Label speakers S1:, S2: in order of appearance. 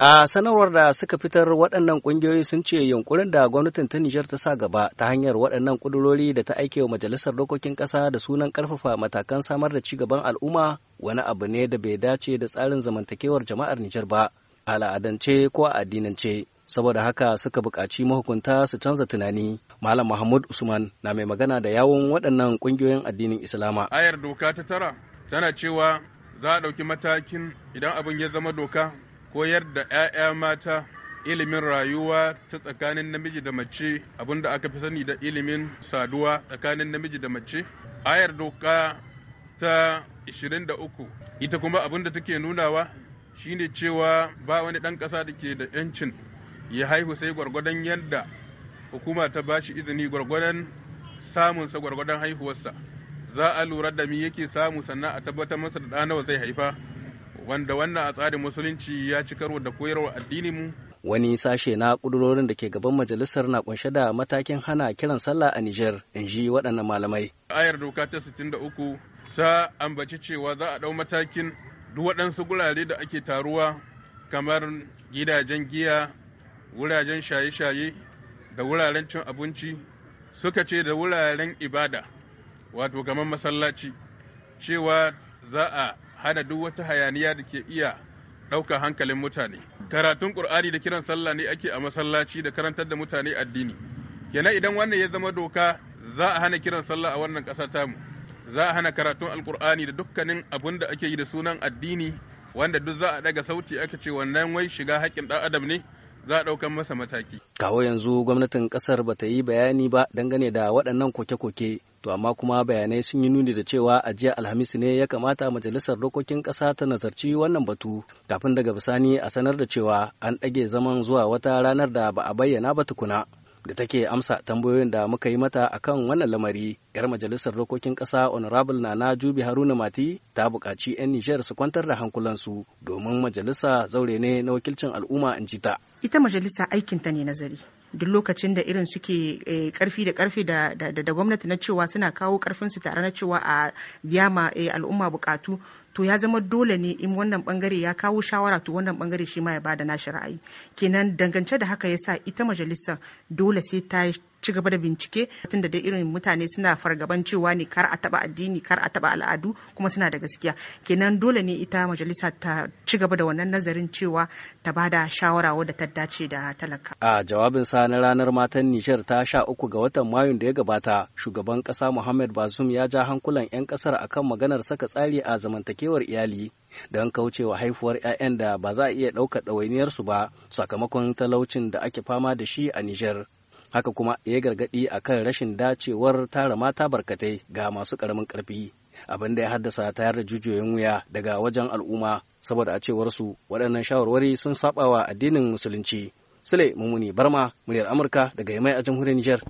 S1: A sanarwar da suka fitar waɗannan ƙungiyoyi sun ce yunkurin da gwamnatin ta Nijar ta sa gaba ta hanyar waɗannan ƙudurori da ta aike wa Majalisar Dokokin Ƙasa da sunan ƙarfafa matakan samar da cigaban al'umma wani abu ne da bai dace da tsarin zamantakewar jama'ar Nijar ba, a al'adance ko a addinance. Saboda haka suka buƙaci mahukunta su canza tunani. Malam Muhammad Usman na mai magana da yawon waɗannan ƙungiyoyin addinin Islama.
S2: Ayar doka ta tara tana cewa za a ɗauki matakin idan abin ya zama doka koyar da 'ya'ya mata ilimin rayuwa ta tsakanin namiji da mace abinda aka fi sani da ilimin saduwa tsakanin namiji da mace ayar doka ta 23 ita kuma abinda take nunawa shine cewa ba wani ɗan ƙasa da ke da 'yancin ya haihu sai gwargwadon yadda hukuma ta ba shi izini gwargwadon samunsa gwargwadon haihuwarsa za a lura da mi yake samu sannan a tabbatar masa da ɗanawa zai haifa wanda wannan a tsarin musulunci ya ci karo da koyarwar addinin mu
S1: wani sashe na kudurorin da ke gaban majalisar na kunshe da matakin hana kiran sallah a Nijar in ji waɗannan malamai
S2: ayar doka ta 63 sa ambaci cewa za a ɗau matakin duk waɗansu gurare da ake taruwa kamar gidajen giya wuraren shaye-shaye da wuraren cin abinci suka ce da wuraren ibada wato kamar masallaci cewa za a hana duk wata hayaniya da ke iya ɗauka hankalin mutane karatun ƙur'ani da kiran sallah ne ake a masallaci da karantar da mutane addini kenan idan wannan ya zama doka za a hana kiran sallah a wannan ƙasa mu? za a hana karatun alƙur'ani da dukkanin abin da ake yi da sunan addini wanda duk za a ɗaga sauti aka ce wannan wai shiga haƙƙin ɗan adam ne za a ɗaukan masa mataki.
S1: Kawo yanzu gwamnatin ƙasar ba ta yi bayani ba dangane da waɗannan koke-koke. To amma kuma bayanai sun yi nuni da cewa a jiya Alhamis ne ya kamata Majalisar Dokokin Ƙasa ta nazarci wannan batu kafin daga bisani a sanar da cewa an ɗage zaman zuwa wata ranar da ba a bayyana ba tukuna. da take amsa tambayoyin da muka yi mata akan wannan lamari yar majalisar dokokin ƙasa honorable nana jubi haruna mati ta buƙaci 'yan nijar su kwantar da hankulansu domin majalisa zaure ne na wakilcin al'umma in ji ta
S3: ita majalisa aikinta ne nazari duk lokacin da irin suke karfi eh, da karfi da gwamnati na cewa suna kawo karfin tare na cewa a biya ma eh, al'umma bukatu to ya zama dole ne in wannan bangare ya kawo shawara to wannan bangare shi ma ya bada nashi ra'ayi kenan dangance da haka yasa ita majalisar dole sai ta ci gaba da bincike tun da irin mutane suna fargaban cewa ne kar a taba addini kar a taba al'adu kuma suna da gaskiya kenan dole ne ita majalisa ta ci gaba da wannan nazarin cewa ta ba da shawara wadda ta dace da talaka
S1: a jawabin sa na ranar matan nijar ta sha uku ga watan mayun da ya gabata shugaban kasa muhammad bazum ya ja hankulan yan kasar akan maganar saka tsari a zamantakewar iyali don kaucewa haifuwar 'ya'yan da ba za a iya ɗaukar ɗawainiyarsu ba sakamakon talaucin da ake fama da shi a nijar haka kuma ya gargaɗi a kan rashin dacewar tara mata barkatai ga masu ƙaramin ƙarfi abin da ya haddasa tayar da jujuyoyin wuya daga wajen al'umma saboda a cewar su waɗannan shawarwari sun saɓawa addinin musulunci sule mummuni barma muryar amurka daga yamai a jamhuriyar niger